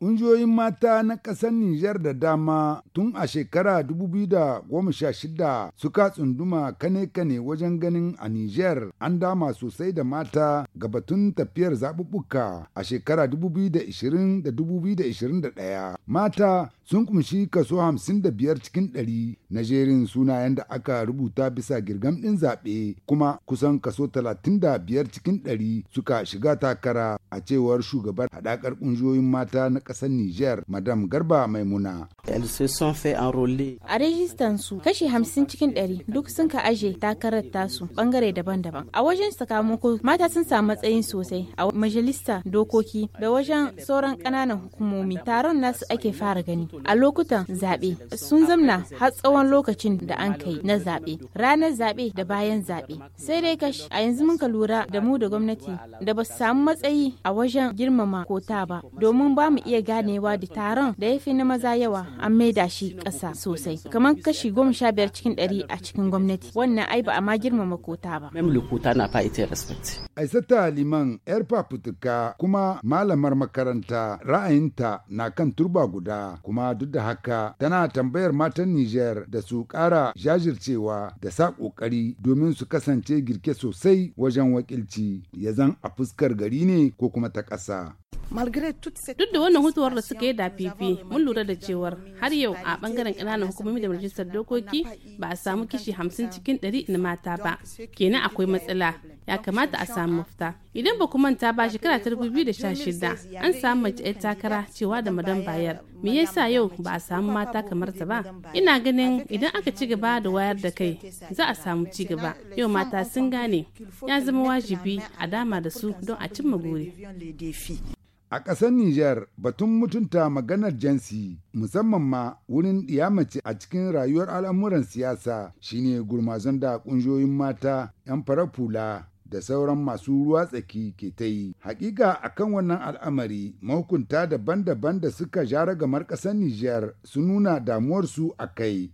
Ƙungiyoyin mata na ƙasar Nijar da dama tun a shekara 2016 suka tsunduma kane-kane wajen ganin a Nijar an dama sosai da mata ga batun tafiyar zaɓuɓɓuka a shekara 2020 da 2021. Mata sun kumshi kaso 55 cikin 100 na jerin sunayen da aka rubuta bisa girgam ɗin zaɓe kuma kusan kaso 35 cikin 100 suka shiga takara a cewar shugabar haɗakar ƙungiyoyin mata na kasar Nijar, Madam Garba Maimuna. A rejistan su kashi hamsin cikin ɗari duk sun ka aje takarar tasu bangare daban-daban. A wajen sakamako mata sun samu matsayin sosai a majalista dokoki da wajen sauran ƙananan hukumomi taron nasu ake fara gani. A lokutan zaɓe sun zamna har tsawon lokacin da an kai na zaɓe ranar zaɓe da bayan zaɓe. Sai dai kashi a yanzu mun ka lura da mu da gwamnati da ba su samu matsayi a wajen girmama kota ba domin ba mu iya iya ganewa da taron da ya fi na maza yawa an maida shi ƙasa sosai kamar kashi goma sha biyar cikin ɗari a cikin gwamnati wannan ai ba a ma girmama kota ba. na Aisata Liman yar fafutuka kuma malamar makaranta ra'ayinta na kan turba guda kuma duk da haka tana tambayar matan Nijar da su ƙara jajircewa da sa ƙoƙari domin su kasance girke sosai wajen wakilci ya zan a fuskar gari ne ko kuma ta ƙasa. Duk da wannan hutuwar da suka yi da fifi mun lura da cewar har yau a bangaren ƙananan hukumomi da majalisar dokoki ba a samu kishi hamsin cikin ɗari na mata ba kenan akwai matsala ya kamata a samu mafita idan ba manta ba shekara ta shida an samu mace yar takara cewa da madan bayar me yasa yau ba a samu mata kamar ta ba ina ganin idan aka ci gaba da wayar da kai za a samu ci gaba yau mata sun gane ya zama wajibi a dama da su don a cimma buri A ƙasar Nijar batun mutunta maganar jinsi musamman ma wurin ɗiyamace a cikin rayuwar al'amuran siyasa shine gurmazon da ƙungiyoyin mata 'yan farafula da sauran masu ruwa tsaki ke ta yi. Hakika kan wannan al'amari mahukunta daban-daban da suka jara gamar ƙasar Nijar su nuna damuwarsu a kai.